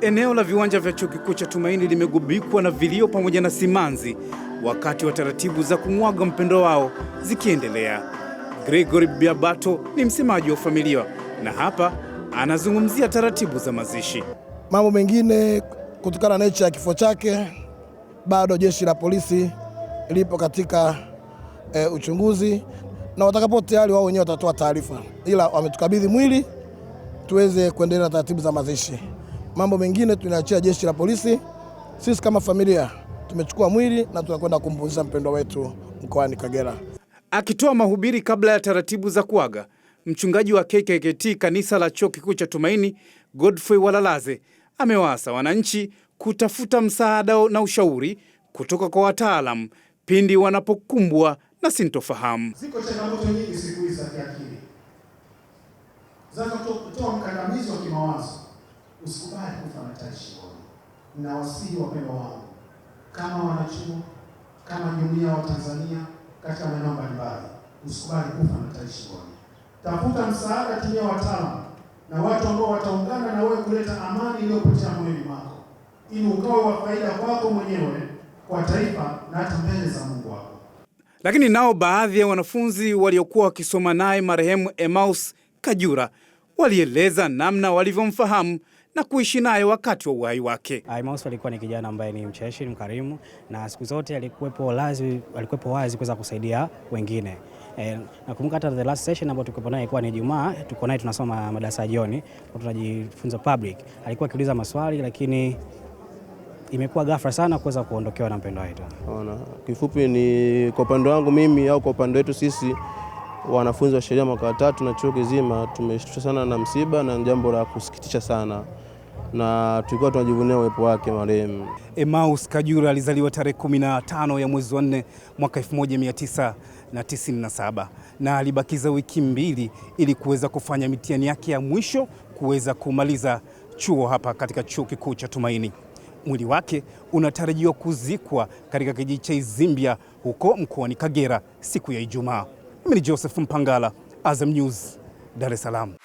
Eneo la viwanja vya chuo kikuu cha Tumaini limegubikwa na vilio pamoja na simanzi wakati wa taratibu za kumwaga mpendo wao zikiendelea. Gregory Biabato ni msemaji wa familia na hapa anazungumzia taratibu za mazishi. Mambo mengine kutokana na nature ya kifo chake, bado jeshi la polisi lipo katika e, uchunguzi na watakapo tayari wao wenyewe watatoa taarifa, ila wametukabidhi mwili tuweze kuendelea na taratibu za mazishi. Mambo mengine tunaachia jeshi la polisi. Sisi kama familia tumechukua mwili na tunakwenda kumpumzisha mpendwa wetu mkoani Kagera. Akitoa mahubiri kabla ya taratibu za kuaga, mchungaji wa KKKT kanisa la chuo kikuu cha Tumaini Godfrey Walalaze amewaasa wananchi kutafuta msaada na ushauri kutoka kwa wataalamu pindi wanapokumbwa na sintofahamu. Ziko changamoto nyingi siku hizi za kiakili, za kutoa mkandamizo wa kimawazo Usikubali kufa matari shingoni. wapendwa wangu, kama wanachuo, kama jumuiya wa Tanzania katika maeneo mbalimbali, usikubali kufa matari Tafuta msaada, tumia wataalamu na watu ambao wataungana na wewe kuleta amani iliyopotea moyoni mwako, ili ukawe wa faida kwako mwenyewe, kwa taifa na hata mbele za Mungu wako. Lakini nao baadhi ya wanafunzi waliokuwa wakisoma naye marehemu Emmaus Kajura walieleza namna walivyomfahamu na kuishi naye wakati wa uhai wake. Aimaus alikuwa ni kijana ambaye ni mcheshi, ni mkarimu na siku zote alikuwepo lazi, alikuwepo wazi kuweza kusaidia wengine. E, nakumbuka hata the last session ambayo tulikuwa naye ilikuwa ni Ijumaa, tuko naye tunasoma madarasa jioni, tunajifunza public. Alikuwa akiuliza maswali lakini imekuwa ghafla sana kuweza kuondokewa na mpendo wetu. Kifupi ni kwa upande wangu mimi au kwa upande wetu sisi wanafunzi wa sheria mwaka watatu na chuo kizima tumeshtushwa sana na msiba, na jambo la kusikitisha sana na tulikuwa tunajivunia uwepo wake marehemu. Emmaus Kajura alizaliwa tarehe 15 ya mwezi wa 4 mwaka 1997 na alibakiza wiki mbili ili kuweza kufanya mitihani yake ya mwisho kuweza kumaliza chuo hapa katika chuo kikuu cha Tumaini. Mwili wake unatarajiwa kuzikwa katika kijiji cha Izimbia huko mkoani Kagera siku ya Ijumaa. Mimi ni Joseph Mpangala, Azam News, Dar es Salaam.